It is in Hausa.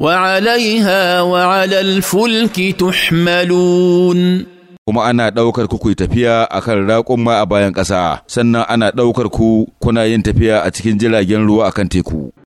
وعليها وعلى الفلك تحملون kuma ana ɗaukar ku yi tafiya a kan raƙumma a bayan ƙasa sannan ana ɗaukar ku kuna yin tafiya a cikin jiragen ruwa a kan teku